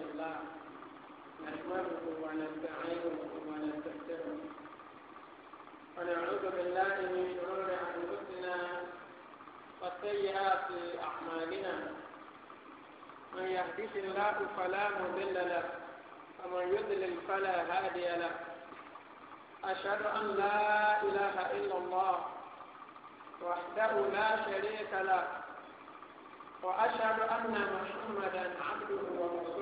الله نحمده ونستعينه ونستغفره ونعوذ بالله من شرور انفسنا وسيئات اعمالنا من يهده الله فلا مضل له ومن يضلل فلا هادي له أشهد أن لا إله إلا الله وحده لا شريك له وأشهد أن محمدا عبده ورسوله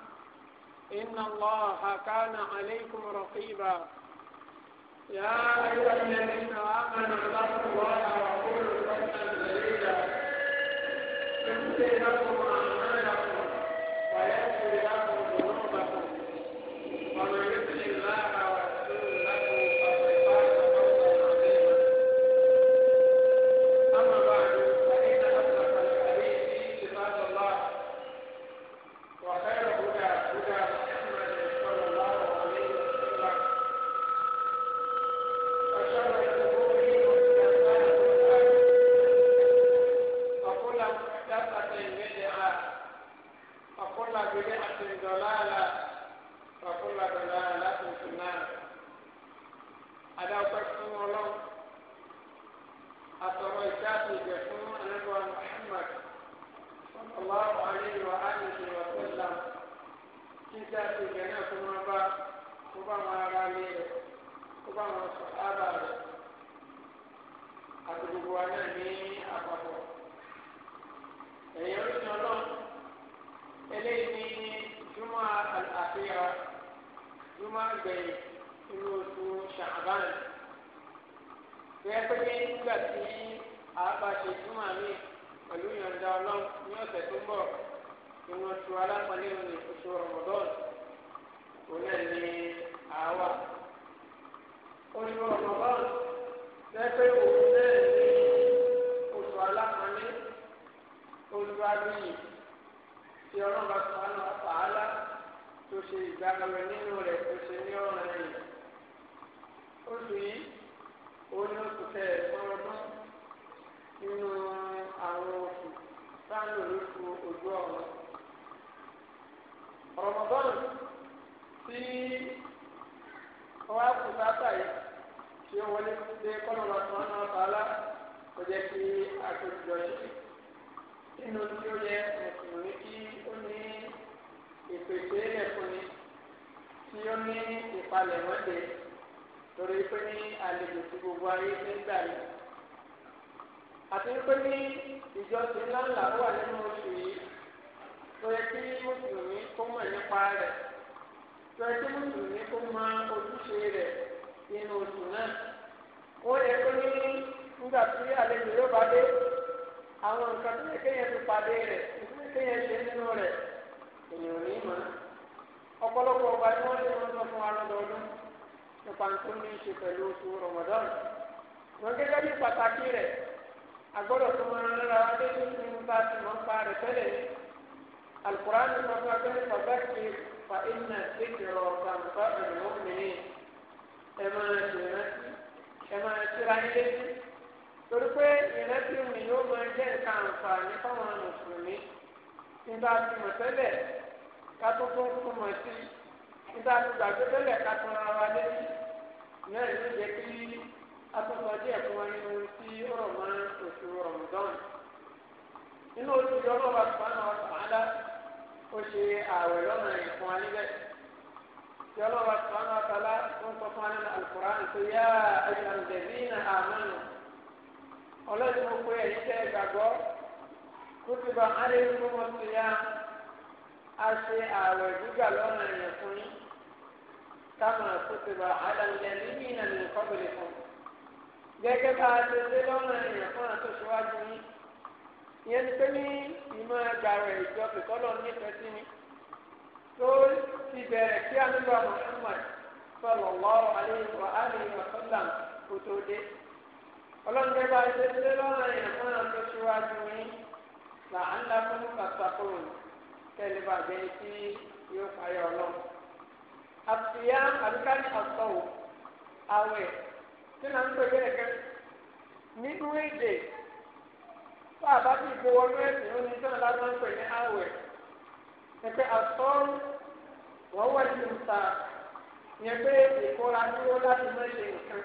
إن الله كان عليكم رقيبا يا أيها الذين آمنوا اتقوا الله وقولوا قولا سديدا يغفر لكم oṣù alápọ̀lẹ́ òní oṣù rọ̀mọ̀dọ́n òun náà ní àwa. oṣù rọ̀mọ̀dọ́n lẹ́pẹ́ òun náà ní oṣù alápọ̀lẹ́ olùwàbíyì tí ọlọ́ba sọ̀rọ̀ àpàlà tó ṣe ìgbàgbọ́ nínú rẹ̀ tó ṣe ní ọ̀ràn yìí. oṣù yìí òun oṣù kẹẹ̀ẹ́dọ́n ọdún nínú àwọn oṣù sáà lóṣù ojú ọ̀run. Ramadan tí wọ́n á kú sáta yìí tí ó wọlé dé kọ́nọ̀lá tó ń náà tààlà kò jẹ́ kí àtòjọ yìí nínú tí ó yẹ mùsùlùmí kí ó ní ìpèsè ẹ̀fọn ni tí ó ní ìpalẹ̀ mọ́tẹ́ torí pé ní àlejò tí gbogbo ayé ti ń gbà yìí àti pé ní ìjọsìn ńláńlá wà nínú oṣù yìí tó yẹ kí mùsùlùmí kó mọ̀ nípa rẹ̀ tó yẹ kí mùsùlùmí kó mọ ojúṣe rẹ̀ nínú oṣù náà ó yẹ kó ní nígbà tí àlejò yóò bá dé àwọn nǹkan tó yẹ kéèyàn ti pàdé rẹ̀ ìdílé kéèyàn ṣe nínú rẹ̀ ènìyàn ní mọ̀ ọ̀pọ̀lọpọ̀ ọba ni wọ́n ti wọ́n sọ fún wa lọ́dọọdún nípa nǹkan ní í ṣe pẹ̀lú oṣù rọmọdọ́n wọn gẹ́gẹ́ bí pàtàkì rẹ̀ agbọ́dọ̀ tó máa ń rárá wá dé tó ń bá ti mọ́ pa rẹ̀ tẹ́lẹ̀ القرآن sọ fún akẹ́kẹ́ pàtàkì fa iná ìkìrọ̀ kàǹfà ìrìn òmìnir ẹ máa ṣèrántí ẹ máa ṣíra ilé sí torí pé ìrántí mi yóò máa jẹ́ nǹkan àǹfààní fáwọn mùsùlùmí nígbà tí mo tẹ́lẹ̀ ká tó tó tó mọ̀ sí nígbà tó gbàgbé tẹ́lẹ̀ ká tó ra wa létí ìyá ìlú jẹ́ kí atọ́sọ díẹ̀ fún wa nínú tí ọ̀rọ̀ máa ń oṣù Ramadan nínú oṣù yọ̀ọ́ lọ́wọ́ àti fún àwọn àwọn àdá ó ṣe ààwẹ̀ lọ́nà ìfún wa níbẹ̀ tí ọlọ́wà sọ́nà àtàlá tó ń sọ fún wa nínú alukur'an tó yá ẹ̀yàn dẹ̀bí ní àmọ́nù ọlọ́dún mo pé ẹ̀yìn tẹ́ gbàgbọ́ kó ti bá a lè fún wọn tó yá a ṣe ààwẹ̀ gbígbà lọ́nà ìfún yín kama kó ti bá a lè dẹ̀bí ní ìnànà ìkọ́bìlì fún gẹ́gẹ́ bá a ṣe dé lọ́nà ìfún àtúnṣe wájú yín. ìyẹn ni pé ní ìmọ̀ ẹgbà rẹ̀ ìjọ kìkọ́lọ̀ sí ni tó ti bẹ̀rẹ̀ kí anílò Muhammad sallallahu alaihi wa alihi wa sallam kò dé ṣe ṣe fún àwọn tó ṣíwájú là ń la fún tí yóò àwẹ̀ tí ń pè bẹ́ẹ̀ nínú èdè. tó àbá ti gbowó ọdún ẹ̀sìn ó ní sọ́nà lásán ń pè ní àwẹ̀ pẹpẹ àtọ́rù wọ́n wọ̀ ní ìta yẹn pé ìkóra dúró láti má ṣe nǹkan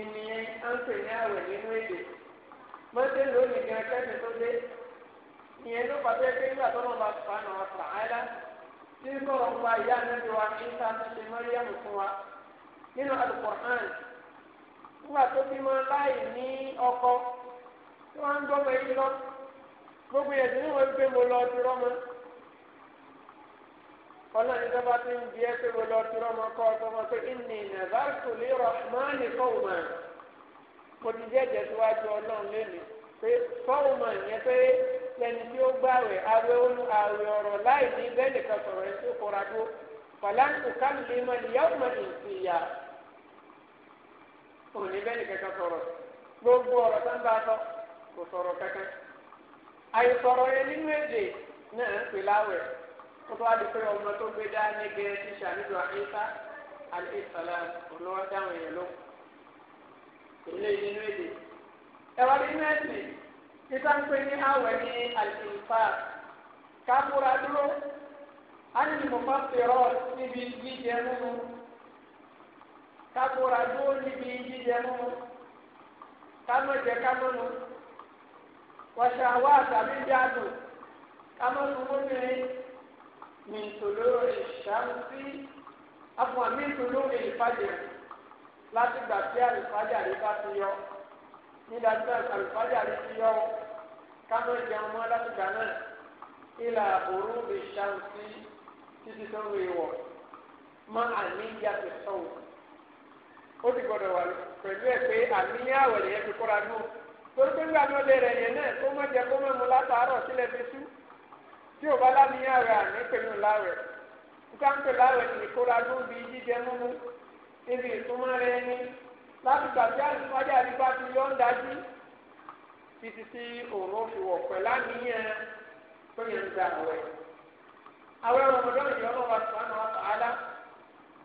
ènìyàn á ń pè ní àwẹ̀ nínú èdè mọ́tẹ́ lónìí gan kẹ́sì tó dé ìyẹn ló pàtó ẹgbẹ́ nígbà tó lọ́ba sùpàánù ọ̀sà áyá tí ń sọ̀rọ̀ nípa ìyá níbi wa kí ta ti ṣe mọ́ríyàmù fún wa nínú Al-Qur'an nígbà tó bímọ láì ní ọkọ tí wọ́n ń dọ́mọ yìí lọ gbogbo yẹn tí wọ́n gbé mo lọ ti rọ́mọ ọlọ́run ní sábà tí ń bí ẹ pé mo lọ ti rọ́mọ kọ́ ọtọ́mọ pé ìní ìnàbà kò lè rọ máa ní fọ́ọ̀mà mo ti jẹ́jẹ́ síwájú ọlọ́run lónìí pé fọ́ọ̀mà yẹn pé lẹni tí ó gbàwẹ̀ awẹ́ olú awẹ́ ọ̀rọ̀ láì ní bẹ́ẹ̀ nìkan sọ̀rọ̀ tó kọra tó fàlàǹkù kálí mọ́ ìyáwó mọ́ ìsìyà òní bẹ́ẹ̀ nìkan sọ̀rọ̀ gbogbo ọ̀rọ̀ tó sọ kò sọ̀rọ̀ kankan àìsọ̀rọ̀ yẹn nínú èdè náà ń pè láwẹ̀ kó tó wá di pé ọmọ tó gbé dá nígẹ tíṣà nínú àyíká àlẹ́sàlá olówó dáhùn yẹn ló ilé nínú èdè ẹwà nínú èdè títà ń pè ní àwẹ̀ ní àlẹ́sà kábúra dúró ánìmọ̀fà fèrọ̀ níbi jíjẹ múmu kábúra dúró níbi jíjẹ múmu kámẹ́jẹ kámẹ́nu wọ́ṣọ àwọn àtàbí bí àdùn kámọ́sowóbìnrin ní ìtòlóró ìṣàmùsí àfọ̀nàmí ìtòlóró ìfàjẹ̀ láti gbà tí àlùfájà rí bá ti yọ nígbà tí àlùfájà rí ti yọ kámọ́ ìjẹun mọ́ láti gbà náà ìlà òru ìṣàmùsí títí tó ń wéwọ̀ mọ́ àníyá ti sọ̀wọ́ ó ti gbọ́dọ̀ wà pẹ̀lú ẹ̀ pé àníyá àwẹ̀lẹ̀ yẹn ti kọ́ra dùn. torí pé nígbà tó lé rẹ̀ yẹn náà kó má jẹ kó má mu látàárọ̀ sílẹ̀ fi sú tí ò bá láníyàn rẹ̀ àná pẹ̀lú láwẹ̀ nígbà láwẹ̀ ní ìkóra tó bi jíjẹ múmú níbi ìtumọ̀ rẹ̀ ní láti gbàgbé àlùfáàjà àdìgbà ti yọ ń dájú títí tí òun fi wọ̀ pẹ̀lú àníyàn tó yẹn ń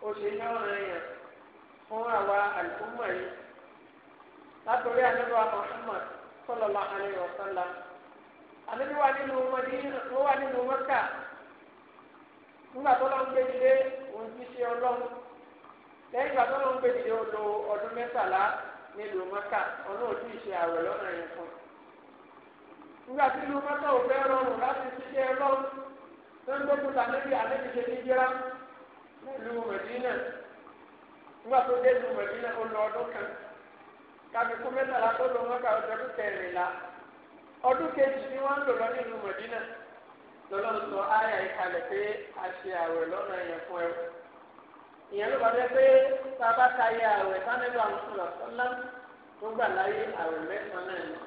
ọmọdé ọmọ wa látọ̀rí ànábì wa Muhammad sallallahu alaihi wasallam ànábì wa nínú Mádínà ó wà nínú Mẹ́kà nígbà tó lọ́n gbé dìde òun ti ṣe ọlọ́run lẹ́yìn ìgbà tó lọ́n gbé dìde ó lo ọdún mẹ́tàlá nílùú Mẹ́kà ọ̀nà òtún ìṣe àwẹ̀ lọ́nà yẹn fún nígbà tí ìlú Mẹ́kà ò fẹ́ rọrùn láti ṣiṣẹ́ ọlọ́run tó ń gbógun tàbí ṣe ní jẹ́ra nílùú Mẹ́dínà nígbà kan kàmíkú mẹ́tàlá tó lò wọ́n kà ọdún kẹrìnlá ọdún kejì ni wọ́n ń lò lọ nínú mọ̀dínà lọ́lọ́run sọ ayà ìkàlẹ̀ pé a ṣe àwẹ̀ lọ́nà yẹn fún ẹ ìyẹn ló bàbá pé bàbá ta yẹ àwẹ̀ sánẹ́lú àwọn sọ̀rọ̀ sọ́lá tó gbà láyé àwẹ̀ mẹ́sàn-án náà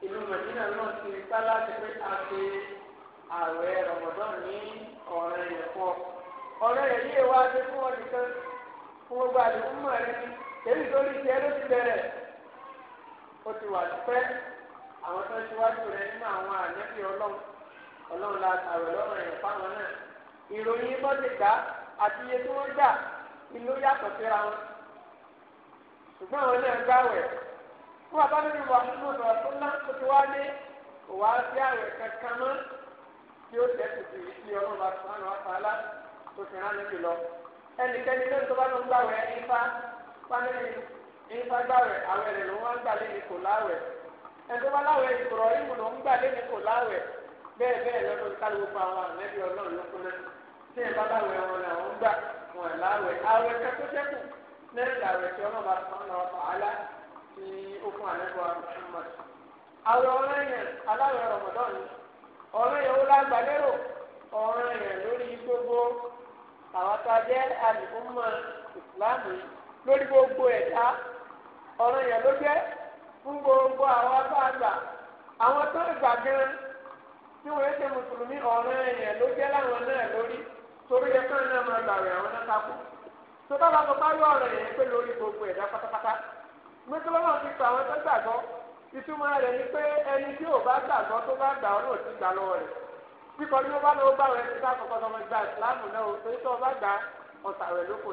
ni ìlú mọ̀dínà náà ti rí sálá ti pé a ṣe àwẹ̀ rọ̀mọ̀dán ní ọ̀rẹ́ yẹn fún ọ ọ̀rẹ́ yẹn yíyẹ wá dé fún ọ nìkan fún gbogbo àdìgún mọ̀ rẹ ni èyí tó rí tiẹ̀ ló ti bẹ̀rẹ̀ ó ti wà pẹ́ àwọn tó ṣíwájú rẹ̀ nínú àwọn ànábì ọlọ́run ọlọ́run la àrò lọ́rùn ẹ̀yàn fáwọn náà ìròyìn bọ́ ti gbà àti iye tí wọ́n gbà ìlú yàtọ̀ síra wọn ṣùgbọ́n àwọn náà gbàwẹ̀ fún abáwẹ́rẹ́ wa nínú ọ̀dọ̀ tó ná tó ti wá ní òwà sí àwẹ̀ kankan mọ́ tí ó tẹ̀ tùtù ìdí ọlọ́run bá sùn àwọn afárá tó ti rán níbi lọ ẹnikẹ́ni lẹ́nu tó bá lọ gbàwẹ̀ ẹni fa pálẹ́lì ìfagbáwẹ̀ àwẹ̀ rẹ̀ ló wọ́n ń gbà lẹ́ni kò láwẹ̀ ẹ̀dọ́ bá láwẹ̀ ìkọ̀rọ̀ ìmù ló ń kò láwẹ̀ bẹ́ẹ̀ bẹ́ẹ̀ lọ́dún kálíwò pa àwọn àmẹ́bí ọlọ́run ló kúnná tí ẹ̀ bá ń gbà wọn láwẹ̀ àwẹ̀ kẹ́kọ́ sẹ́kù lẹ́yìn àwẹ̀ tí ọlọ́run bá a lórí gbogbo ẹ̀dá ọ̀ràn yẹn ló jẹ́ fún gbogbo àwọn abáàgbà àwọn tó gbà gan tí wọ́n ṣe mùsùlùmí ọ̀ràn yẹn ló jẹ́ láwọn náà lórí torí yẹ káwọn náà máa àwọn náà takú tó bá bàbá yẹn pé lórí gbogbo ẹ̀dá pátápátá náà fi pa àwọn tó gbàgbọ́ ìtumọ̀ rẹ̀ ni pé ẹni tí ò bá gbàgbọ́ tó bá gbà ọ́ náà ti gbà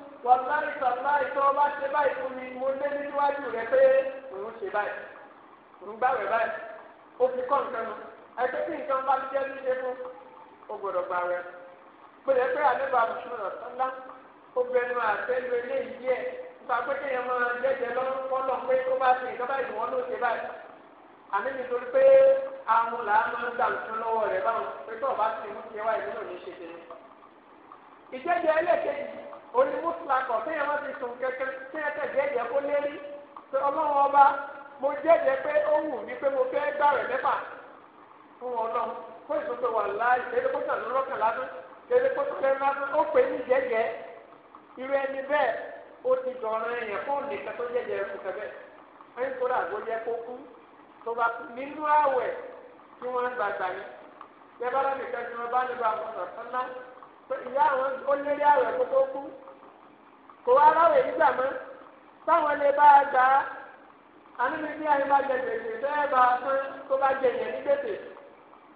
wàláì sàláì tó o bá ṣe báyìí fún mi mo lé níwájú rẹ pé òun ṣe báyìí òun gbàwẹ̀ báyìí ó fi kọ́ nǹkan nu ẹgbẹ́ tí nǹkan bá jẹ́ ní ṣe fún ó gbọ́dọ̀ gbàwẹ̀ pèlè pé àdébà mùsùlùmí ọ̀sánlá obìnrin máa fẹ́ lu eléyìí díẹ̀ nípa pé kéèyàn máa jẹ́jẹ́ lọ́pọ̀lọ́ pé ó bá ṣe ìjọba ìwọ́n ló ṣe báyìí àmì nítorí pé àwọn làá máa ń gbà nǹkan lọ́wọ́ rẹ̀ báwọn pé tó o bá ti mú wáyé nínú ní onímùsùlákọ̀ tí yẹn wá ti sùn kẹ̀kẹ́ tí yẹn tẹ̀ jẹ́jẹ́ kó lérí pé ọlọ́run ọba mo jẹ́jẹ́ pé ó wù mí mo fẹ́ gbà rẹ̀ mẹ́fà fún ọlọ́run kó ìsún pé wà láàyè kéde kó tàn lọ́kàn ládùn kéde kó tàn lẹ́nu ládùn ó pè ní jẹ́jẹ́ irú ẹni bẹ́ẹ̀ ó ti dọ̀rọ̀ ẹ̀yàn fún nìkan tó jẹ́jẹ́ kù kẹ́bẹ́ ẹni tó dàgbò jẹ́ kó kú tó bá nínú àwẹ̀ tí wọ́n ń ìyá àwọn ó lérí àwẹ̀ kó tó kú kò wá láwẹ̀ nígbà mọ́ táwọn lè bá a gbà á àníbi ayé bá jẹ gbèsè bẹ́ẹ̀ bá fún tó bá jẹ yẹn ní gbèsè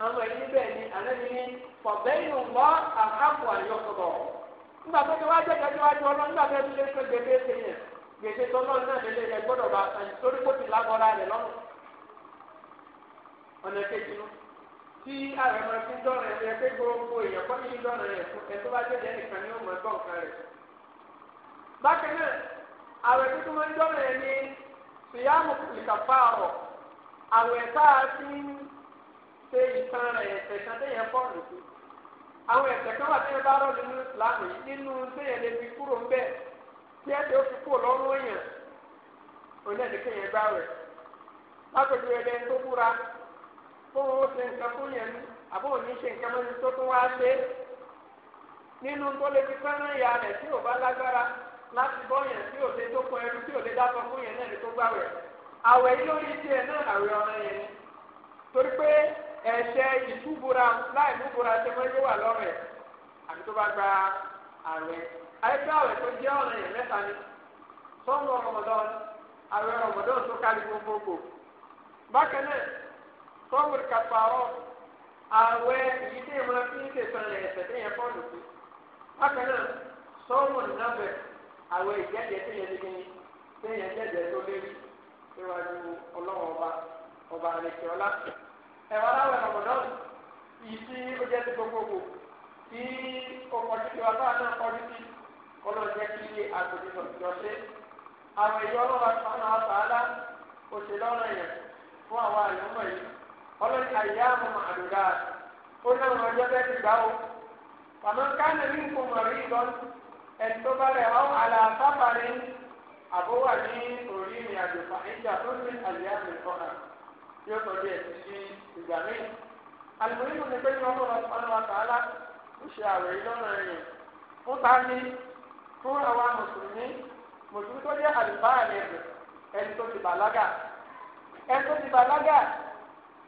àwọn ẹ̀yìn ni àlẹ́ni ní fọ̀bẹ́yìn wọ́ nígbà tó ti wá jẹ́ kẹ́kẹ́ wá ọlọ́run nígbà tó ti lé gbèsè yẹn gbèsè tó náà gbọ́dọ̀ tí àrẹ̀mọ ti dọ́rọ̀ ẹ̀ pé gbogbo èèyàn kọ́ ní dọ́rọ̀ ẹ̀ fún ẹ̀ tó bá jẹ́ ẹnìkan ní òun ẹ̀gbọ́n kan rẹ̀. bákan náà àwẹ̀ tuntun máa ń dọ́rọ̀ ẹ̀ ní ọ̀ àwẹ̀ tá a ń ṣe ìtàn rẹ̀ kan àwọn kan wà bá ìsìlámù yìí nínú lè fi kúrò tí tó kó o ṣe nǹkan fún yẹn ní àbó òní ṣe nǹkan mọ́ni tó tún wá ṣe nínú tó lè fi ya rẹ̀ tí ò bá lágbára láti bọ́ yẹn tí ò lè tó kọ ẹrú tí ò lè dákọ fún yẹn náà ní tó gbà rẹ̀ àwẹ̀ yìí lórí tiẹ̀ náà àwẹ̀ yẹn ni torí pé ẹ̀ṣẹ̀ láì múbura ṣe mọ́ wà lọ́rẹ̀ àti tó bá gba àwẹ̀ àyẹ̀fẹ́ àwẹ̀ tó jẹ́ yẹn mẹ́ta ni àwẹ̀ tó kárí gbogbogbò bákan náà sọ́ọ̀bù kàfàrọ̀ àwẹ̀ yìí tẹ̀ máa fi ń tẹ̀sán rẹ̀ ẹ̀sẹ̀ tẹ̀ yẹn fọ́ọ̀lù sí. bákan náà sọ́ọ̀mù nàbẹ̀ àwẹ̀ ìjẹ́jẹ́ tẹ̀ yẹn nígbìn tẹ̀ yẹn jẹ́jẹ́ tó lérí níwájú ọlọ́wọ́ ọba ọba àlejò ọlá. ẹ̀wọ̀n aláwẹ̀ ọ̀mọ̀dọ́n yìí tí ó jẹ́ ti gbogbogbò tí ọkọ̀jú ti wá bá náà kọjú sí ọlọ́jẹ́ kí agbègbè lọ́jọ́ ṣe. àwọn ìjọ ọlọ́wà sọ́nà àtàlá òṣèlú ọ̀rọ̀ yẹn fún àwọn àyọ̀mọ̀ yìí ọlọ́ni àyàmù màlúdà ó ní àwọn ọjọ́ bẹ́ẹ̀ ti gbà ó àmọ́ káàní ní nǹkan mọ̀rí ìbọn ẹni tó bá rẹ̀ ọ́ àlàáfàbàrí àbówà ní orí ìrìn àjò fàájà tó ní àyàmù ìfọ̀nà yóò sọ bí ẹ̀sìn sí ìgbà míì àlùmọ́nìmọ̀ ní pé ní ọmọ ọlọ́wà tààlà ó ṣe àwẹ̀ ìlọ́nà ẹ̀yìn fún ta ni fún àwa mùsùlùmí mùsùlùmí tó jẹ́ àlùfáà ẹni tó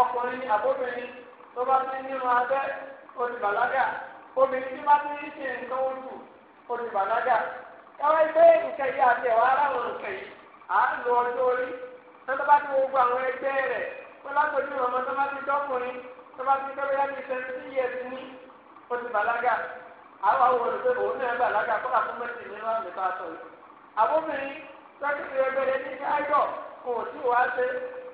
ọkùnrin àbóbìnrin tó bá ti nínú abẹ́ olùbàlágà obìnrin tí bá ti ń ṣe nǹkan oṣù olùbàlágà ẹwà ẹgbẹ́ nǹkan yìí àti ẹ̀wà aláwọ̀ nǹkan yìí à ń lo ọjọ́ orí tó tó bá ti gbogbo àwọn ẹgbẹ́ rẹ̀ tó lágbèjú ọmọ tó bá ti dọ́kùnrin tó bá ti dọ́kùnrin láti seventeen years ní olùbàlágà àwọn àwọn olùgbé òun náà bàlágà kó àfún méjì ní wọn nípa àtọ̀ yìí àbóbìnrin tó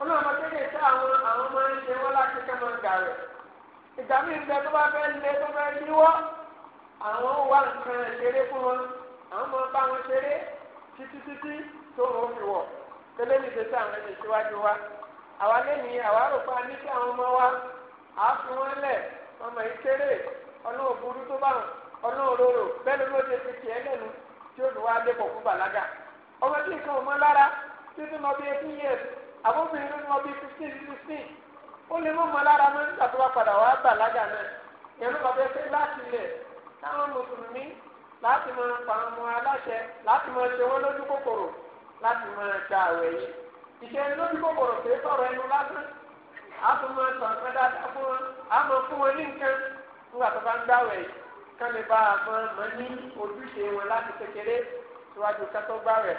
ọlọ́run ọmọ kéde tí àwọn àwọn máa ń ṣe wọ́n láti kẹ́ máa gà rẹ̀ ìgbà míì ń bẹ tó bá fẹ́ lé tó fẹ́ yíwọ́ àwọn wà nǹkan ṣeré fún wọn àwọn máa bá wọn ṣeré títí títí tó wọn fi wọ̀ tẹ́lẹ̀ ní ìgbésẹ̀ àwọn ẹni ìṣíwájú wa àwa lẹ́yìn àwa rò pa ní kí àwọn ọmọ wa à á fi wọ́n lẹ̀ ọmọ yìí kéré ọlọ́run burú tó bá ọlọ́run rorò bẹ́ẹ̀ ló ló ti tiẹ̀ àbóbìnrin ló ní ọdún fifteen fifteen ó lè mú mọ́lára mọ́ nígbà tó bá padà wá bàlágà náà ìyẹn ló bá fẹ́ fẹ́ láti lẹ̀ táwọn mùsùlùmí láti máa pa ọmọ aláṣẹ láti máa ṣe wọ́n lójú kòkòrò láti máa ṣe àwẹ̀ yìí ìṣe lójú kòkòrò pé sọ̀rọ̀ ẹnu lásán a tún máa tàn fẹ́ dáadáa fún wọn a máa fún wọn ní nǹkan nígbà tó bá ń gbàwẹ̀ yìí kán lè bá a máa ní ojúṣe wọn láti kékeré síwájú kátó gbàwẹ̀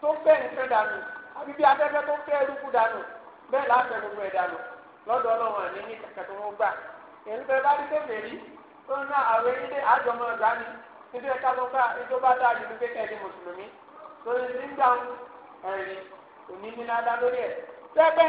tó ń bẹ́ẹ̀ nìkan dànù àbí bí afẹ́fẹ́ tó ń fẹ́ ẹrúkú dànù bẹ́ẹ̀ láfẹ́ gbogbo ẹ̀ dànù lọ́dọ̀ ọlọ́run àní ní kàkà tó wọ́n gbà èyí bá rí tẹ̀mẹ̀rí tó ń ná àwọn ilé àjọmọ́ ọ̀gá ni ẹ̀ka tó ká bá mùsùlùmí tó ní ẹ̀rí òní ní náà dá lórí ẹ̀. tẹ́gbẹ́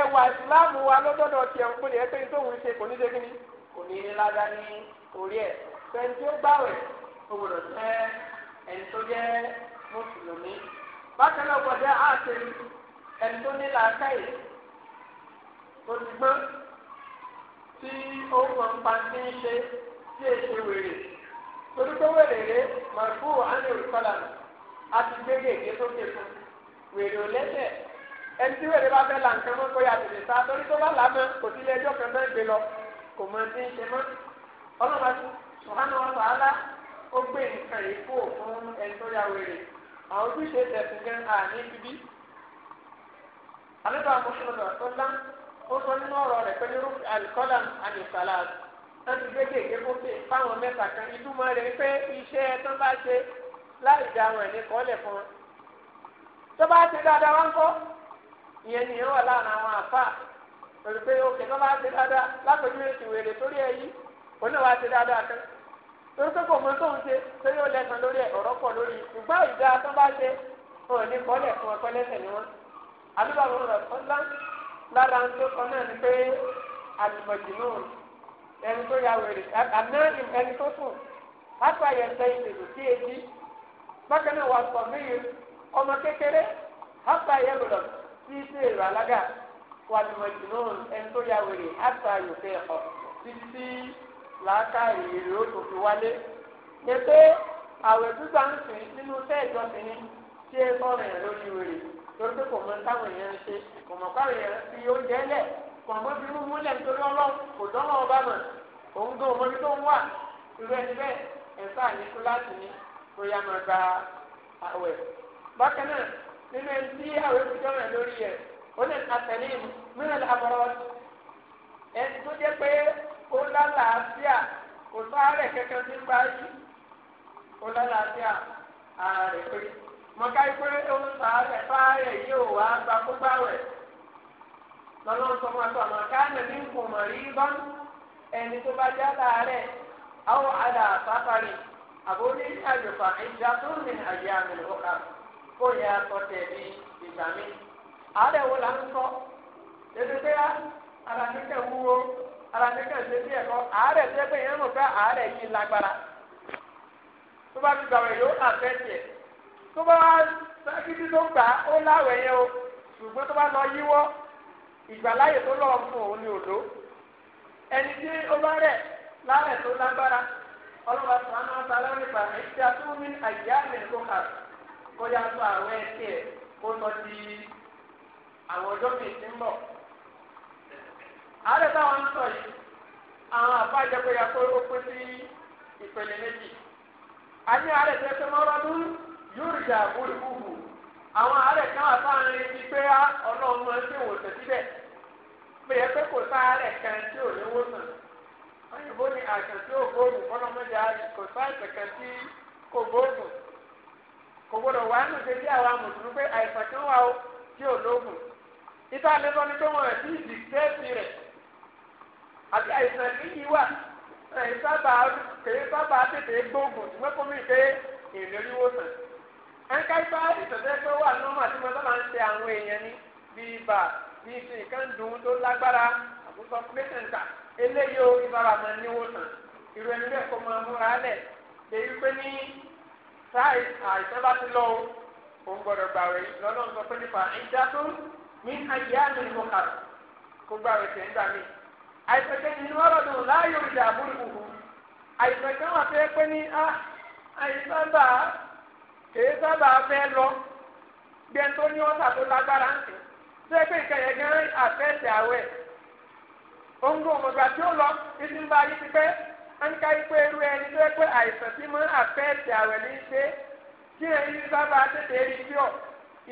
ẹwà ìsìláàmù wa lọ́dọ̀dọ̀ tiẹ̀ ń pèlè ẹgbẹ́ tó ń ṣe kò ní ṣe kí ni kò ní lága ní orí ẹ̀ pẹ̀lú tí ó gbàwẹ̀ ó gbọ́dọ̀ jẹ́ ẹni tó jẹ́ mùsùlùmí bákan náà ẹni tó ní ti tí ó pa ní ṣe èṣe wèrè torí wèrè ẹni tí wèrè bá fẹ́ là nǹkan mọ́ kó yà tètè sá torí tó bá là mọ́ kò sí ilé ẹjọ́ kan náà gbé lọ kò mọ ní ṣe mọ́ ọlọ́mọ sùhánù wọn sọ alá ó gbé nǹkan yìí kú fún ẹni tó yà wèrè àwọn ojúṣe tẹ̀sùn gan àní bíbí àlébà mọ́ṣọ́lọ́ tó lá ó sọ nínú ọ̀rọ̀ rẹ̀ pé nírú àlùkọ́là àlùsàlà láti gbé gègé kókè fáwọn mẹ́ta kan ìdúmọ̀ rẹ̀ pé iṣẹ́ tó bá ṣe láì dá àwọn ẹ̀ ní kọ́lẹ̀ fún wọn tó bá ṣe dáadáa wá kọ́ ìyẹn niile wà láàrin àwọn àfa olùpẹ òkè tó bá ti dáadáa lápẹjúwe ti wèrè torí ẹ yí òun náà ti dáadáa kan torí pé kò mọ tóun ṣe torí ó lẹ́sàn lórí ẹ ọ̀rọ̀ pọ̀ lórí ṣùgbọ́n ìdá tó bá ṣe wọn kọ́lẹ̀ fún ọkọ lẹ́sẹ̀ ni wọn àdúgbò àwọn ọ̀rọ̀ tó lá lára ń tó tí ìṣe ìrànlágà wàlùmọ̀jì náà ẹni tó ya wèrè àtà yòókè ọ̀ títí làákà ìrèrè ó tó fi wálé. ṣe pé àwẹ̀ gbígbà ń sìn nínú iṣẹ́ ìjọsìn ni tí ẹ sọ̀rọ̀ yẹn lórí wèrè torí pé kò mọ táwọn èèyàn ń ṣe kò mọ̀ káwọn èèyàn fi oúnjẹ lẹ̀ kò mọ̀ bí mímú lẹ̀ nítorí ọlọ́run kò dánwò ọba mọ̀ òun gan ọmọdé tó ń wà irú ẹni bẹ́ẹ̀ ẹ̀fà ní kíláàsì ni kò yá máa gba àwẹ̀. bákan náà nínú etí àwọn etí dọ́rọ̀ lórí ẹ̀ ó lè àtẹ̀lé mílíọ̀nù àbọ̀rọ̀ ẹni tó jẹ́ pé ó lálàáfíà kò sáré kẹ̀kẹ́ tí ń bá ó lálàáfíà ara rẹ̀ pé mọ̀ká pé ó ń sáré sáré yìí ò wá gba gbogbo àwẹ̀ lọ́lọ́run sọ fún wa pé ọ̀nà káàmì ní kò mọ̀ ẹni tó bá já àwọn àdà àbórí ìjà tó ń rìn àmì bóyá sọtẹ̀ bí ìgbà mi. àárẹ̀ wo la ń sọ ya, ara mi kẹ́ wúwo ara mi kẹ́ ṣe bí ẹ̀kọ́ àárẹ̀ tó yẹ pé yẹn mọ̀ pé àárẹ̀ yìí lágbára. tó bá fi gbàwẹ̀ yóò àfẹ́ tiẹ̀ tó bá sákìtì tó gbà ó láwẹ̀ yẹn o ṣùgbọ́n tó bá lọ yíwọ́ ìgbàláyè tó lọ fún òun ni òdó ẹni tí ó bá rẹ̀ lárẹ̀ tó lágbára ọlọ́wà sàn án máa ta lọ́rùn ìpàdé tí a tún ní mi kó kó àwọn eke kó lọ di àwọn ọjọ́ bíi ń bọ̀. àárẹ̀ táwọn ń sọ yìí àwọn àfáàjẹ pé yà ó pín sí ìpele méjì. a ní àárẹ̀ tó yẹ mọ́rọ́dún yóò rí ìjà búrúkúrú àwọn àárẹ̀ kan wà táwọn ń pé ìwòsàn síbẹ̀ pé pé kò kan tí ò ní wòsàn ni àìsàn tí ò kò gbọdọ̀ wá nù ṣe bí àwa mùsùlùmí pé àìsàn kan wà ó tí ò lóògùn ìta àlejò ni pé wọn ẹ̀ tí ì dì tẹ́ẹ̀sì rẹ̀ àti àìsàn níyì wà ẹ̀yìn sábà kèé sábà tètè gbóògùn ṣùgbọ́n kó mi pé ìlérí wò sàn ẹ̀ńká ipá ìtọ́jú pé wà nínú àti mọ́tò máa ń ṣe àwọn èèyàn ní bí ibà bí ìsìn nǹkan dùn tó lágbára àbúkọ pẹ́sẹ̀ntà eléyìí ó ìbára máa níwò sàn ìròyìn bẹ́ẹ̀ kó máa múra lẹ̀ táì àìsàn bá ti lọ òun gbọ́dọ̀ gbàwẹ̀ lọ́nà sọ pé nípa ìjà tó ní ayé àmì ìmọ̀ká kó gbàwẹ̀ tẹ̀ ń gbà mí. àìsàn kẹ́ ni wọ́n lọ́dún láàyò ìjà àbúrò òhu àìsàn kẹ́ wọ́n fẹ́ pé ní a ah, àìsàn bá kèé sábà fẹ́ lọ bí ẹni tó ní ọ̀sà tó lágbára ń sìn tó ẹgbẹ́ ìkẹyẹ gan àfẹ́ẹ̀sì àwẹ̀ òun gbọ́ ọmọ ìgbà tí ó lọ ti pẹ́ wọ́n ká yí pé irú ẹni tó yẹ pé àìsàn tí mo ń àfẹ́ẹ̀tì àwẹ̀ ní ṣe kí ẹni sábà tètè rí bí ọ̀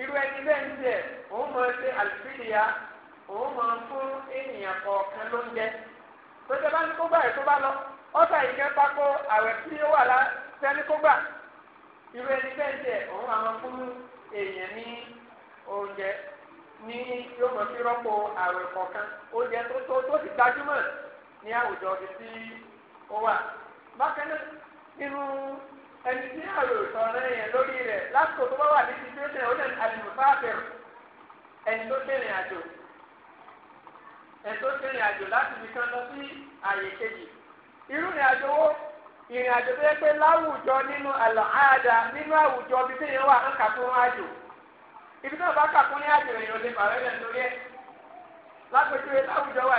irú ẹni bẹ́ẹ̀ ń jẹ òun mọ̀ ṣe àlùfíìyà òun mọ̀ fún ènìyàn kọ̀ọ̀kan ló ń jẹ tó ṣe bá ní kó gbà ẹ̀ tó bá lọ ọ̀sà yìí kẹ́ pákó àwẹ̀ tí ó wà lásẹ́ni kó gbà irú ẹni bẹ́ẹ̀ ń jẹ òun àwọn fún èèyàn ní oúnjẹ ní yóò mọ̀ sí rọ́pò àwẹ̀ kọ̀ọ̀kan oúnjẹ tó tó tó ti gbajúmọ̀ ní àwùjọ ti ó wà bákan náà nínú ẹni tí àrò sọ̀rọ̀ yẹn lórí rẹ̀ lásìkò tó bá wà ní situation ó dẹ̀ni àlùmọ́sáàbẹ̀ ẹni tó tẹ̀rìn àjò ẹni tó tẹ̀rìn àjò láti fi lọ sí àyè kejì irú ni àjò wo ìrìn àjò tó yẹ pé láwùjọ nínú nínú àwùjọ tí èèyàn wà ń kà fún àjò ibi tí wọn bá kà fún ní àjò èèyàn lè lórí láwùjọ wà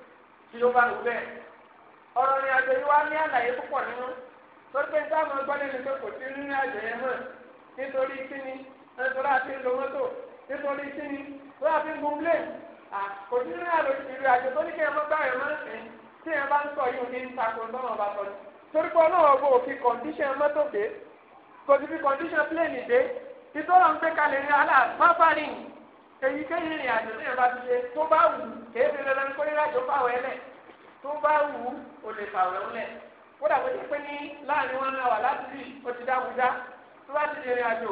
tí ó bá lò bẹ́ẹ̀. ọ̀rọ̀ ìrìn àjò yìí wá ní àlàyé púpọ̀ nínú torí pé nígbà máa gbọ́ lẹ́nu pé kò sí nínú àjò yẹn hàn nítorí kíni nítorí àti lo mọ́tò nítorí kíni nítorí àti gun plane kò sí nínú àjò ìrìn àjò tó ní kí ẹ mọ́ báyọ̀ máa ń sìn tí ẹ bá ń sọ yìí ní ìtakùn tó bá sọ torí pé ọlọ́wọ́ bò fi kọ̀ǹdíṣàn mọ́tò dé kò sì fi kọ̀ǹdíṣàn plane dé ìtọ́lọ́ ń gbé kalẹ̀ ní aláàbáfárìn èyíkéyìí ìrìn àjò tó yẹ bá ti ṣe tó bá wù kéé fi lọ lọ́nà kórìíra àjò fàwọ̀ ẹlẹ̀ tó bá wù ó lè fàwọ̀ ẹlẹ̀ kódà kó ti pé ní láàrin wọn náà wà láti rí ó ti dá wùdá tó bá ti di ìrìn àjò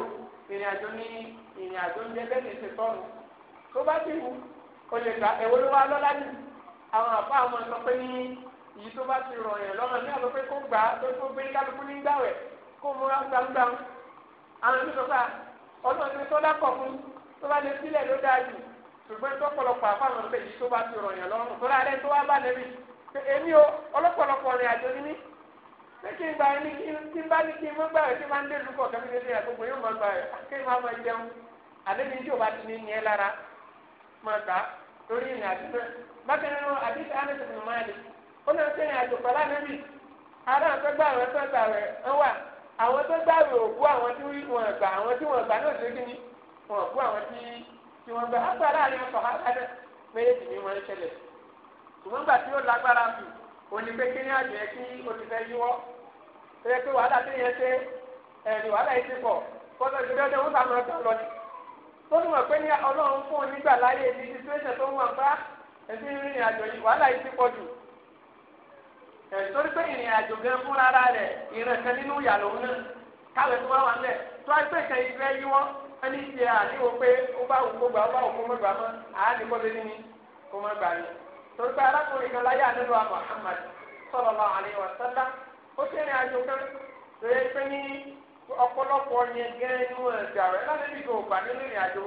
ìrìn àjò ní ìrìn àjò ń jẹ bẹ́ẹ̀ ṣe tọ́nu tó bá ti wù ó lè gbà ẹ̀wọ́ ló wá lọ́lá nì àwọn àpá àwọn sọ pé ní èyí tó bá ti rọ̀ yẹn lọ́nà ní àlọ́ pé kó gbà á tó tó gbé kálukú ní gbàwẹ̀ kó múra gbangba àwọn ìlú tó bá lè sílẹ̀ ló dáa jù ṣùgbọ́n tó pọ̀lọpọ̀ àfàwọn ọ̀sẹ̀ yìí tó bá ti rọ̀yàn lọ́rùn tó rárẹ̀ tó wá bá nẹ́bí èmi o ọlọ́pọ̀lọpọ̀ rìn àjò ní mí pé kí n bá ní kí n bá ní kí n mú gbà rẹ̀ kí n máa ń dé lukọ̀ kẹ́mi ní ilé àgbègbè yóò máa gbà rẹ̀ kí n máa máa jẹun àlébi tí o bá ti ní ní ẹ lára máa gbà lórí ìrìn àjò rẹ̀ bákan náà àdìsí ánẹ́sì fún máa lè ó náà ṣe ìrìn àjò pẹ̀lá nẹ́bí ará àwọn tó gbà rẹ̀ tó gbà rẹ̀ ń wà àwọn tó gbà rẹ̀ òkú àwọn tí wọ́n gbà àwọn tí wọ́n gbà náà ṣe kí ni wọn bú àwọn tí tí wọn gbà á gbà láàrin ọkọ̀ àgbàdo méjèèjì ni wọn ń ṣẹlẹ̀ ṣùgbọ́n gbà tí ó lágbára jù òní pé kí ní kí olùfẹ́ yíwọ́ pé wàhálà tí yẹn ṣe ẹ̀rì wàhálà yìí ti pọ̀ kọ́tọ̀ ìṣẹ́jọ́ ọdẹ wọn sàmọ̀ ọ̀tọ̀ lọ ni tó ní pé fún ìrìn àjò yìí wàhálà yìí ti ìrìn kan nínú náà káwé tó wá wà ń tó wá pé ìkànnì ẹni tí a ní wo pé ó bá wù kó gbà ó bá wù kó mọ̀ gbà mọ́ àá ní kó lé gbà ní. torí pé arákùnrin kan láyé àdúrà wa Muhammad sallallahu alaihi wa sallam ó ṣe ní àjò kan lóye pé ní ọ̀pọ̀lọpọ̀ yẹn gẹ́rẹ́ ní wọn ẹ̀dá rẹ̀ lálẹ́ bí kò gbà nínú ìrìn àjò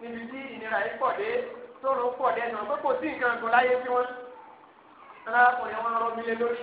níbi tí ìnira yìí pọ̀ dé tóun ó pọ̀ dé náà pé kò sí nǹkan kan láyé sí wọn arákùnrin wọn rọ mi lé lórí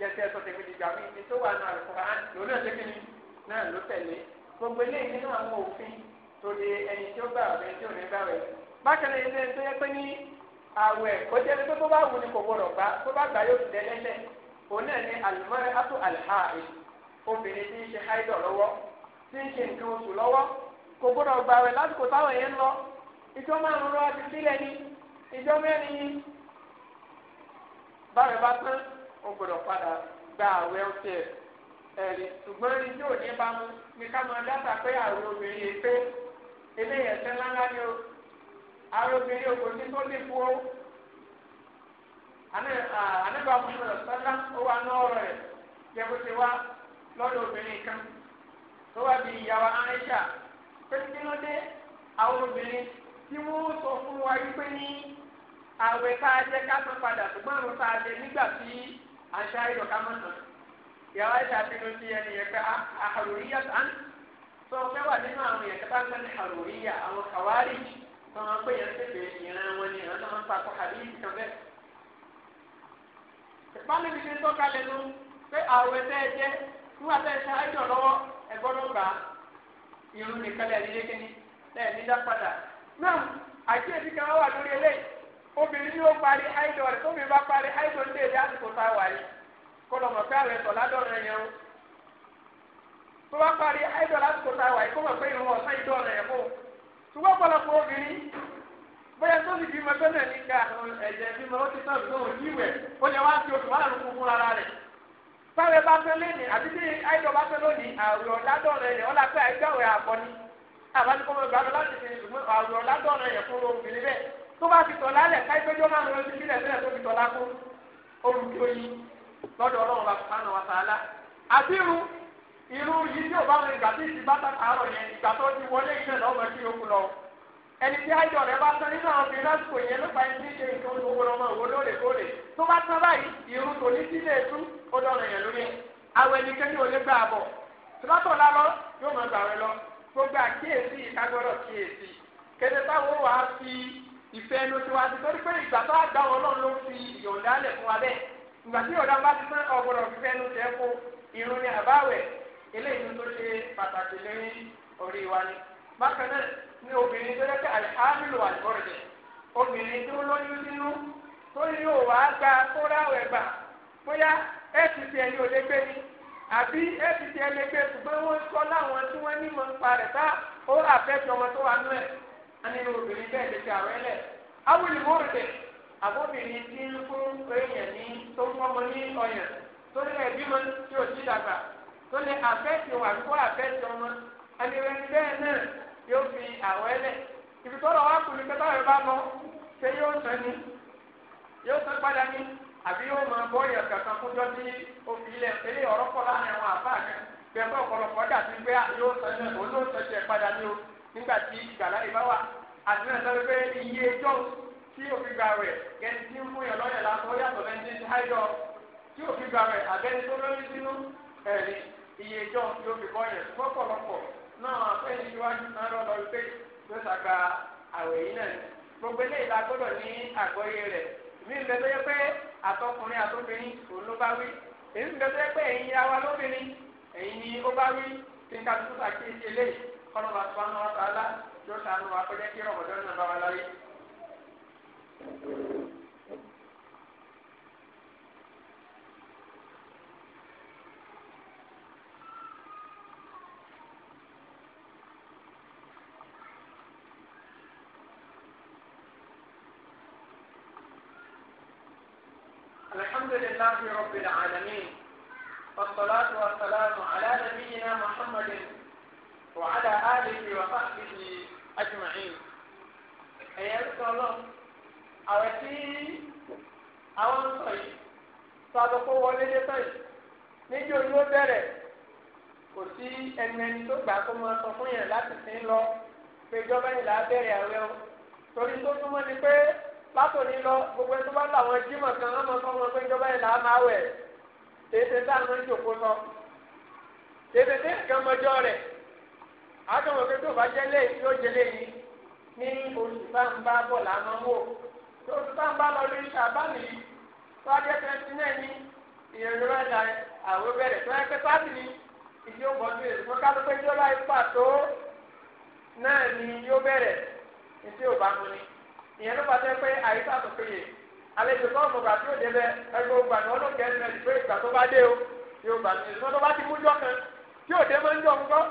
jẹsẹ tó tẹ̀lé ìgbà mi ní tó wà nù Al-Qur'an lòun náà tẹ̀lé ní náà ló tẹ̀lé gbogbo eléyìí nínú àwọn òfin tó de ẹni tí ó gbà rẹ tí ò ní gbà rẹ bákan náà ilé tó yẹ pé ní àwẹ̀ kó jẹ́ pé tó bá wù ní kò gbọdọ̀ gbà tó bá gbà yóò fi dẹ́ lẹ́lẹ̀ òun náà ní alimọ́rẹ́ ato alihari obìnrin tí ń ṣe haidọ̀ lọ́wọ́ tí ń ṣe nǹkan oṣù lọ́wọ́ kò gbọdọ̀ gbà rẹ lásìkò táwọn yẹn ń lọ ìjọ márùn-ún lọ́wọ́ ti sílẹ̀ ní ìjọ mẹ́rin yìí báwẹ̀ bá tán ó padà gba àwẹ̀ ọ̀sẹ̀ ẹ̀rí ṣùgbọ́n ní tí ò bá mú ní ká máa pé obìnrin yìí pé ni o àwẹ̀ obìnrin òkò ní tó lè kú o anábà mọ̀nà sọ́lá ó wà ní ọ̀rọ̀ rẹ̀ jẹ́ bó ti wá lọ́dọ̀ obìnrin kan tó wá bí ìyàwó pé kí ló dé àwọn obìnrin tí wọ́n sọ fún wa yí pé ní àwẹ̀ a jẹ́ ká padà ṣùgbọ́n tá a jẹ nígbà tí. àṣà ìlú ká mọ̀ sàn ìyàwó àṣà ti ló ti ẹni yẹn pé àhàròyíyà tán tó o fẹ́ wà nínú àwọn yẹn kẹta ń gbẹ́ ní àhàròyíyà àwọn kàwárì tó wọn pé yẹn ni ìran náà ń pa kó àdéhìí kan bẹ́ẹ̀. ìpánu mi ti tọ́ka lẹ́nu pé àwẹ̀ tẹ́ ẹ jẹ́ nígbà tẹ́ ẹ ṣe àìjọ lọ́wọ́ ẹ gbọ́dọ̀ gbà á irun nìkan obìnrin yóò parí àìdọ̀ rẹ̀ tóbi bá parí ní èdè àsìkò tá a wà yìí pé àwọn ẹ̀tọ́ ládọ́rọ̀ o tó bá parí àìdọ̀ lásìkò tá a wà yìí kó pé ìrún ọ̀sán ìdọ̀rọ̀ yẹn kó ṣùgbọ́n ọ̀pọ̀lọpọ̀ obìnrin bóyá tó ti bímọ tó nà ní ká ẹ̀jẹ̀ bímọ ó ti tọ́jú lóhùn ó lè wá fi oṣù márùn fúnra rẹ̀ tó bá ti tọ̀lá lẹ̀ ká ìgbẹ́jọ́ máa lọ sí sílẹ̀ sílẹ̀ tó fi tọ̀lá kú olùdó yìí lọ́dọ̀ ọlọ́run bá fún àwọn àtàlá àti irú irú yìí tí ò bá wọn ìgbà tí ìsìn bá tàkà àárọ̀ yẹn ìgbà tó ti wọlé yìí lọ ẹni tí rẹ bá tán nínú àwọn obìnrin ẹni tí nǹkan lọmọ òwò ìfẹ́ ẹnu tí wàá ti sọ pé ìgbà tó àgbà wọn náà ló fi ìyọ̀ǹda lẹ̀ fún wa bẹ́ẹ̀ ìgbà tí ìyọ̀ǹda bá ti sọ ọ̀gbọ̀dọ̀ fífẹ́ ẹnu tẹ́ kó irun ní àbáwẹ̀ eléyìí tó ṣe pàtàkì lórí orí wa ni. bákan náà ni obìnrin tó lẹ́kẹ́ àlìhámìlò àlùbọ̀rẹ̀dẹ̀ obìnrin tó lóyún sínú tó ní yóò wá gba kóráwẹ̀ gbà bóyá fcc ẹni ò lè gbé ni àbí fcc ẹni gbé ṣùgbọ́n wọ́n sọ láwọn tí wọ́n ní anínú obìnrin bẹ́ẹ̀ ti ṣe àwẹ́ lẹ̀ awìlì mórìdè àbóbìnrin ti ń fún èèyàn ní tó ń fọmọ ní ọyàn tó ní ẹbímọ tí ò sí dàgbà tó ní àfẹ́sì wà kó àfẹ́sì ọmọ anìrẹ́ni bẹ́ẹ̀ náà yóò fi lẹ̀ rẹ̀ bá yóò sàn yóò sàn padà àbí yóò máa bọ́ ìyà kankan sí ilẹ̀ ọ̀rọ̀ láàrin àwọn àbá nígbà tí ìgbàlá yìí bá wà àti náà sọ pé iye ẹjọ́ tí òfin gba rẹ̀ gẹ́ni tí ń fún yàn lọ́yẹ̀ lásán ó yàtọ̀ lẹ́ni tí ń háìdọ̀ tí òfin gba rẹ̀ àbẹ́ni tó lórí sínú ẹ̀rí iye ẹjọ́ tí ó fi kọ́ yẹn pọ́pọ̀lọpọ̀ náà àfẹ́yìn iwájú náà lọ lọ pé ló ṣàgbà àwẹ̀ yìí náà gbogbo eléyìí la gbọ́dọ̀ ní àgbọ́yé rẹ̀ mí ń bẹ tó yẹ pé àtọkùnrin àtọbìnrin òun ló bá wí èyí ń bẹ tó yẹ pé ẹ̀yin ya wa lóbìnrin ẹ̀yin ni ó bá wí kí n ká tó sàkíyèsí eléyìí قالوا سبحانه وتعالى جو شانو واپڑے کی رو بدل نہ الحمد لله رب العالمين والصلاة والسلام على نبينا محمد وعلى آله وصحبه أجمعين ẹ̀yẹ́ ń sọ lọ àwẹ̀ tí àwọn ń sọ yìí sọ́dọ̀kọ́ wọlé dé sọ yìí níjẹ́ òní ó bẹ̀rẹ̀ kò sí ẹnu ẹni tó gbà kó máa sọ fún yẹn láti sí ń lọ pé ìjọba yìí là á bẹ̀rẹ̀ àwẹ̀ o torí tó túmọ̀ ni pé látòní lọ gbogbo ẹni tó bá làwọn jímọ̀ kan á máa sọ pé ìjọba yìí là máa wẹ̀ tètè táwọn ń jòkó lọ tètè tètè kan mọjọ́ rẹ̀. àtọ̀wọ̀ pé tó bá jẹ́ léyìí ló jẹ léyìí ní oṣù sáǹbá bọ̀ lánàá wò tó oṣù sáǹbá lọ lórí ṣàbámi tó ajẹ́ twenty nine ní ìrìnàjò mẹ́ta àwọn bẹ̀rẹ̀ tó yẹ pé ní ìdí ó bọ̀ sí fún pàtó náà ni yóò bẹ̀rẹ̀ ìdí ò bá mu ni ìyẹn ló pàtẹ́ pé àyíká tó péye tó ni o yóò gbà kan tí ò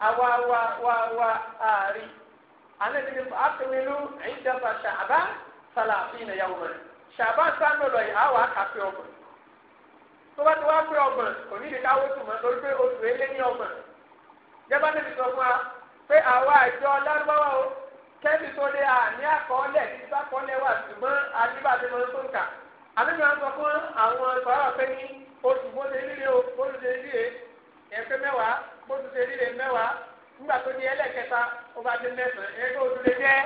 awa wa wa wa ààrí anabi ni akamilu ẹ̀yìndàfà ṣàbá sàlàfin ìyàwó rẹ̀ ṣàbá sàmúlò yìí àwọn akàfẹ́ ọgbọ̀n tó bá ti wá pé ọgbọ̀n kò ní ìdíkà owó tùmọ̀ torí pé oṣù èlé ní ọgbọ̀n jẹ́bá níbi sọ fún wa pé àwa àjọ lárúbáwá o kẹ́mi tó lé àní àkọọ́lẹ̀ títí àkọọ́lẹ̀ wà ṣùgbọ́n àdébàdé mọ́ tó ń kà àbí mi wá sọ fún àwọn sọ̀rọ̀ pé ní oṣù bó ṣe líle o bó ṣe líle Efe pé mẹ́wàá bó tún ṣe rí mẹ́wàá nígbà tó di ẹlẹ́kẹta ó bá dé mẹ́sàn-án yẹn pé lè jẹ́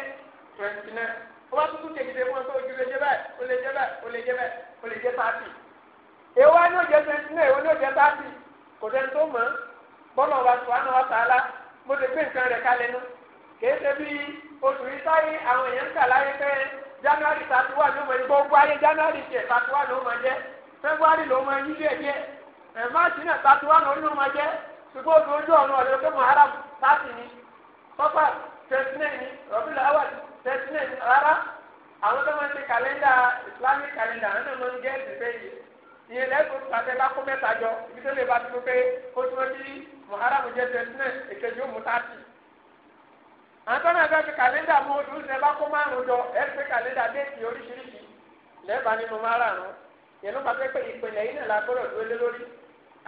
twenty nine ó bá tuntun fún ọ ojú lè jẹ́ bẹ́ẹ̀ ó lè bẹ́ẹ̀ ó lè bẹ́ẹ̀ ó lè thirty. èwo twenty nine èwo thirty kò tó mọ̀ bọ́lá ọba ọ̀tá alá mo gbé nǹkan rẹ̀ kalẹ̀ ṣe ẹ̀fáàtì náà tàbí wà lórí ọmọ jẹ́ ṣùgbọ́n ojú ojú ọ̀run ọ̀rẹ́ pé muharam tààtì ni sọ́fà tẹ̀sínẹ̀ ni rọ̀bìlà awà ni rárá àwọn tó máa ń ṣe kàlẹ́ndà islamic kàlẹ́ndà yìí ìyẹn tó kó mẹ́ta jọ ibi tó lè bá pé muharam jẹ́ tààtì. àwọn tó náà fi kàlẹ́ndà mú ojú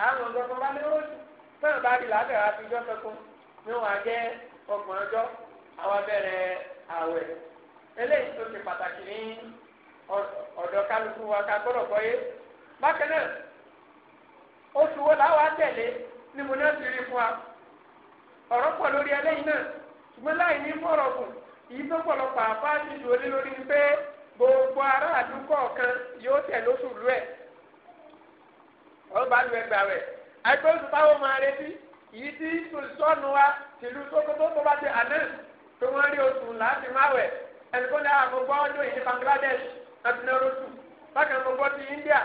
àwọn ọ̀dọ́ tó bá ní jù fẹ́rẹ̀ bá di làákàrà àtijọ́ kankan ní wọn jẹ́ ọgbọ̀n ọjọ́ àwọn abẹ́rẹ́ àwẹ̀ eléyìí tó ti pàtàkì ní kálukú wa ká gbọ́dọ̀ yé bákan náà oṣù wo làwọn ni rí fún wa ọ̀rọ̀ pọ̀ lórí eléyìí náà ṣùgbọ́n láì ní kù tó pọ̀lọpọ̀ lé lórí ni pé gbogbo ará àdúgbò kan yóò tẹ̀ lóṣù lú ọ bá lu ẹgbẹ awẹ àìpẹ́ oṣù táwọn máa retí yìí tí sọ̀nù wa tìlú sókótó tó bá ti àná tó wọn rí oṣù láti má wẹ̀ ẹni kó dáa Bangladesh bákan ti India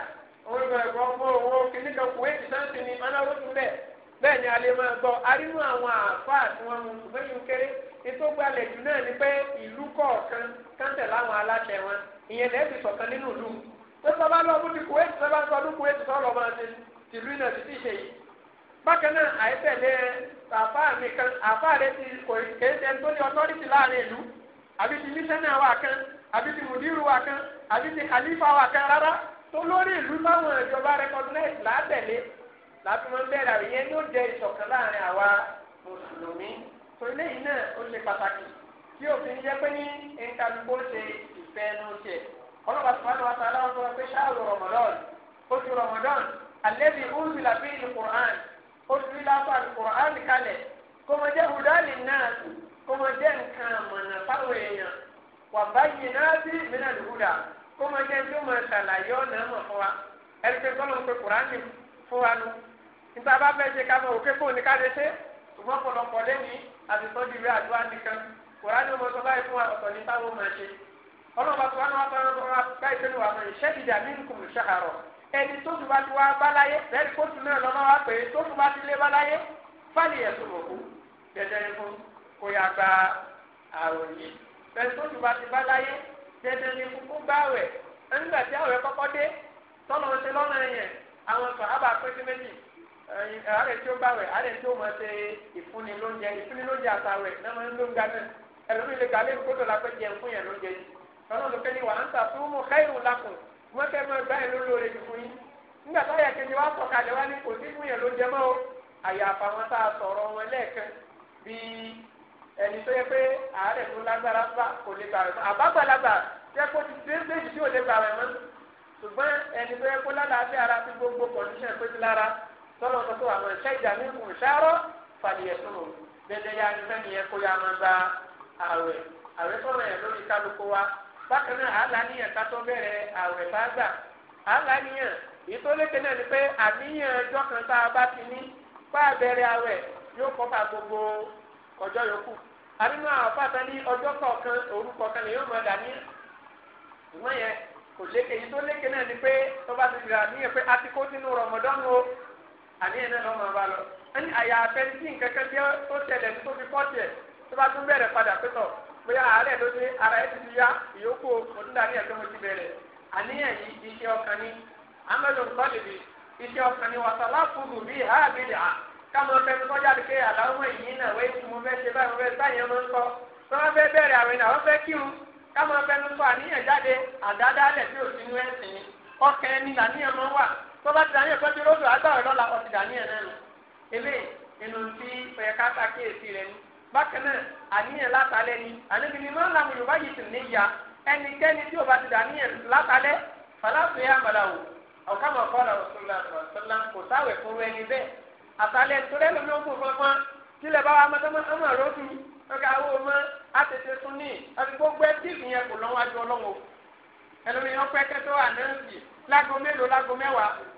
òun ìgbà ẹ̀kọ́ ọmọ owó kìíní kan kò ni máa àwọn àfáà tí mú kéré jù náà ni tẹ́lẹ̀ bàbá lọ ọdún ní kuwait sábà ń sọdún kuwait sọ̀rọ̀ ọmọ àti tìlú iná ti ṣe yìí. bákan náà àìtẹ̀lé àfa mi kan àfa rẹ ti kò kéé ṣe tó ní ọtọ́rìtì láàrin ìlú àbí ti mísánná wà kan àbí ti mùdírù wà kan àbí ti khalifa wà kan rárá tó lórí ìlú táwọn ìjọba recognize látẹ̀lé láti máa ń bẹ̀rẹ̀ àríyé yóò jẹ ìṣọ̀kan láàrin àwa mùsùlùmí tó eléyìí náà ó ṣe pàtàkì tí òfin jẹ́ pé ní ẹ̀ńkàlùkò ṣe ìfẹ́ ẹnu tiẹ̀ ọlọ́ba sùpàdé wa sàlá wọn sọ pé ṣáàlù rọmọdọ́n oṣù rọmọdọ́n alẹ́bi ọ̀hún làbí ìkùrán oṣù ìlàpá ìkùrán kalẹ̀ kọmọdé hùdálì náà kọmọdé nǹkan mọ̀nà fáwọn èèyàn wà báyìí náà sí mìíràn lùhùdà kọmọdé tó mọ̀ ṣàlàyé ọ̀nà mọ̀ fún wa ẹni pé kọ́lọ́ pé kùrán ni fún wa nu níta bá fẹ́ ṣe ká mọ̀ òkè fóònù ká lè ṣe ṣùgbọ́n pọ̀lọpọ̀ lẹ́yìn àtìsọ́jú rẹ̀ àdúrà nìkan kùrán ni mo sọ báyìí fún wa ọ̀tọ̀ ní táwọn máa ṣe ọlọ́run bá tó wọn wọn ni wọn wá báyìí sẹ́nu wà mọ́ni ṣẹ́kìdì àmínkùn ṣàkàrọ̀ ẹni tó tún bá ti wá báláyé bẹ́ẹ̀ kó tún náà lọ́nà wá pé tó tún bá ti lé báláyé fáli ẹ̀ sọ̀rọ̀ kú dẹ́dẹ́ ni fún kó yá gba àròyìn bẹ́ẹ̀ tó tún bá ti báláyé dẹ́dẹ́ ni fún kó gbá wẹ̀ nígbà tí àwẹ̀ kọ́kọ́ dé tọ́lọ́ ṣe lọ́nà yẹn àwọn sàhábà pété méjì àárẹ̀ tí ó bá wẹ̀ àárẹ̀ tí ó mọ̀ ṣe ìfúnni lóúnjẹ ìfúnni lóúnjẹ àtàwẹ̀ náà máa lè kàlẹ́ ìkótó la pé jẹun fún yẹn lóúnjẹ yìí tọ́lá ló kẹ́ni wà á ń tà fún mú káyọ̀ lakùn wọ́n kẹ́ máa gbá yẹn lórí oore fún yín nígbà tó yẹ kejì wá sọ̀kalẹ̀ wá ní kò sí fún yẹn ló jẹ mọ́ o àyàfà wọn tá a sọ̀rọ̀ wọn lẹ́ẹ̀kan bíi ẹni tó yẹ pé àárẹ̀ tó lágbára bá kò lè gbà rẹ̀ mọ́ àbágbàlagbà tẹ́ kó ti dé méjì tí ò lè gbà mọ́ ṣùgbọ́n ẹni tó yẹ kó lálàáfíà ara ti gbogbo kọ̀ọ̀dúnṣẹ́ àwẹ̀ àwẹ̀ tó lórí kálukú wa bákan náà aláníyàn ká tó bẹ̀rẹ̀ bá gbà aláníyàn ìtòlékè náà ni pé àníyàn ọjọ́ kan tá a bá ti ní bá a bẹ̀rẹ̀ àwẹ̀ yóò kọ́ka gbogbo ọjọ́ yòókù àdínú àwọn fàtà ní ọjọ́ kọ̀ọ̀kan orúkọ kan ni yóò mọ̀ dání ni pé tó bá ti gbà níyẹn pé a ti kó o àníyàn náà lọ́mọ bá lọ ẹni àyà bí ó tó fi bóyá àárẹ̀ ló dé ara ẹ̀ ti ti yá ìyókù onídàárí ẹ̀ tó mo ti bẹ̀rẹ̀ àníyàn yìí iṣẹ́ ọkàn ni amẹ́lò sọ́lìbì iṣẹ́ ọkàn ni wàsálà fúdù bíi háàbìlì à káwọn ọ̀fẹ́ mi kọjá ké náà wẹ́ẹ́ mo fẹ́ ṣe báyìí mo fẹ́ mo ń wọ́n fẹ́ bẹ̀rẹ̀ àwẹ̀ náà wọ́n fẹ́ kírun ọ̀fẹ́ mi àníyàn jáde bákan náà àníyàn látàlẹ́ ni àníbi ni máa ń làwọn yorùbá yìí sì níyà ẹnikẹ́ni tí o bá ti dà níyàn látàlẹ́ fàlàfẹ́ àmàlàwò ọ̀ká mọ̀ kọ́ làwọn sọ̀rọ̀ àtàwọn sọ̀rọ̀ kò sáwẹ̀ fúnru ẹni bẹ́ẹ̀ àtàlẹ́ torí ẹlòmí ó kún fọ́nfọ́n tilẹ̀ bá wa mọ̀tọ́mọ́ rọ́ọ̀dù ọ̀gá àwọn ọmọ àtẹ̀tẹ̀ tún ní àti gbogbo ẹtí ìyẹn kò lọ́wọ́ adé ọlọ́wọ́ ẹlòmí yẹn pẹ́ kẹ́tọ́ ànáǹsì lágo mélòó lágo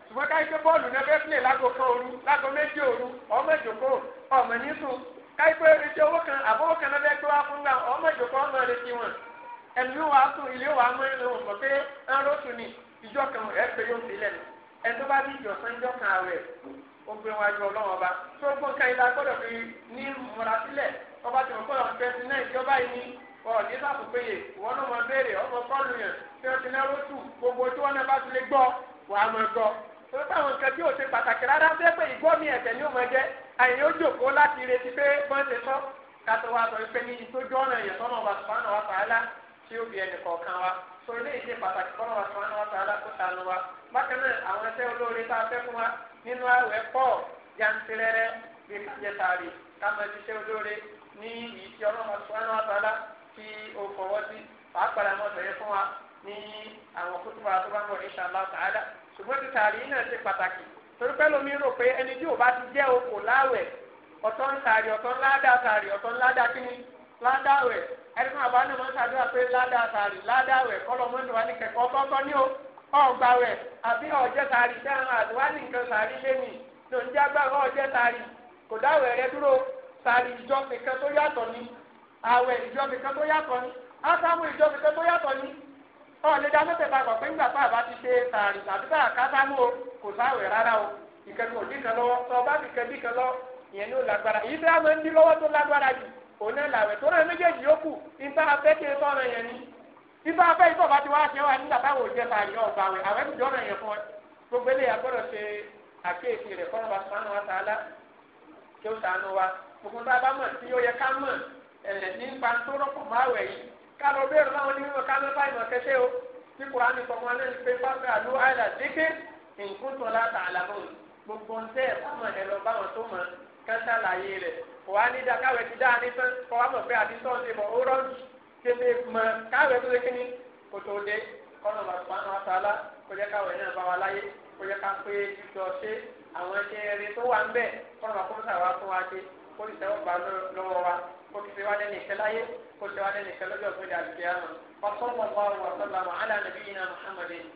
ṣùgbọ́n káyọ̀ bọ́ọ̀lù náà fẹ́ pílẹ̀ lágo kan òru lágo méjì òru ọmọ ìjòkó ọmọ nísùn káyipẹ́ retí owó kan àbọ̀wọ́ kan náà bẹ́ẹ̀ gbé wá fún gbà ọmọ ìjòkó ọmọ rẹ ti wọn ẹnu wa tún ilé wa mọ ẹnu wọn kọ pé ẹnrọ tún ni ìjọ kan ẹ pé yóò fi lẹ́nu ẹnu bá bí ìjọ sàn ìjọ kan rẹ ó gbé wọn ju Ọlọ́run ọba tó gbọ́n ká ilá gbọ́dọ̀ fi ní múra sílẹ̀ ọba tí wọn kọ́ ọ̀hún tẹ́sí náà ìjọba yìí ni ọ̀rọ̀ ní sáà fòpéye wọn ló mọ béèrè ọmọ kọ́ọ̀lù yẹn tí wọn ti náwó tù gbogbo tí wọn náà bá ti lè gbọ́ wàá mọ gbọ́ tó táwọn nǹkan tí ò ṣe pàtàkì rárá fẹ́ pé ìgbọ́ mi ẹ̀tẹ̀ ni ó mọ jẹ́ àyìn ó jòkó láti retí pé bọ́n ṣe sọ kátó wa sọ pé ní ìtójú ọ̀nà ìyẹn tọ́nà ọba sùpánà wa tààlà tí ó fi ẹnì kọ̀ọ̀kan wa sọ eléyìí ṣe pàtàkì tọ́nà ọba sùpánà wa tààlà kó tanu wa bákan náà àwọn ẹsẹ̀ olóore tá a fẹ́ fún wa nínú àwẹ̀ pọ̀ jantirẹrẹ bí kájẹ tààrí káma ṣiṣẹ́ olóore ní ìyí tí ọlọ́mọ sùpánà wa tààlà tí ó fọwọ́ sí pàápàá àwọn ọ̀sẹ̀ yẹn torí pẹ́ lómi rò pé ẹni tí o bá ti jẹ́ okò láwẹ̀ ọ̀tọ̀ ń tàrí ọ̀tọ̀ ńlá dá tàrí ọ̀tọ̀ ńlá dá kíni ládàwẹ̀ ẹni fún àbá náà máa ń ṣàdúrà pé ládàá tàrí ládàwẹ̀ kọ́lọ́mọ́nù wa ní kẹ̀kọ́ gbọ́gbọ́ ní o ọ̀gbàwẹ̀ àbí ọ̀jẹ́ tàrí dáhùn àdúrà ní nǹkan tàrí lẹ́yìn ló ń jágbá ọ̀jẹ́ tàrí kò dáwẹ̀ rẹ dúró tàrí ìjọpin kan tó yàtọ̀ ni àwẹ̀ ìjọpin kan tó yàtọ̀ ni ásámù ìjọpin kan tó yàtọ̀ ni ọ̀lẹ́dá mẹ́tẹ̀ẹ̀ta gbọ̀ pé ńgbà kò sáwẹ̀ rárá o ìkànnì òdì kan lọ́wọ́ ọba ti kẹ́ bí kan lọ ìyẹn ní o lágbára èyí tí a máa ń dí lọ́wọ́ tó lágbára jù òun náà làwẹ̀ tó náà méjèèjì yókù nípa afẹ́ kí n sọ̀rọ̀ yẹn ni nípa afẹ́ ìfọ̀bá ti wá ṣe wá nígbà táwọn òjẹ́ ta yọ ọ̀gbà wẹ̀ àwẹ̀ ti dọ́rọ̀ yẹn fún ẹ gbogbo eléyà gbọ́dọ̀ ṣe àkéèké rẹ̀ kọ́nà wa sànù wa tààlà kí ó sànù wa gbogbo tá a bá mọ̀ tí ó yẹ ká mọ̀ ẹ̀ nípa tó máa wẹ̀ yìí ká lọ bẹ́ẹ̀rù láwọn onímọ̀ ká mẹ́ báyìí mọ̀ o tí kò á lẹ́nu pé fáfẹ́ àlú àìlà dékè nkutu ọlọ́ta àlàbọ̀n gbogbo ntẹ ọmọ ẹ̀rọ báwọn tó mọ̀ kẹta láàyè rẹ̀ wà á ní da káwé ti dáa ní sẹ́n kọ́ àmọ̀ pé àti sọ́ọ̀ ti bọ̀ ó rọ́ tètè mọ̀ káwé tó lé kíní kòtò dé kọ́nà bàtùmá náà sàlá kó jẹ́ káwé náà bá wa láyé kó jẹ́ ká pé jíjọ ṣe àwọn ẹ̀ṣẹ̀ rẹ̀ tó wà ń bẹ̀ kọ́nà bàtùmá wa fún wa ṣe kó lè tẹ́wọ́ gbà lọ́wọ́ wa kó ti fi wá lẹ́nu ìfẹ́ láyé kó ti wá lẹ́nu ìfẹ́ lọ́jọ́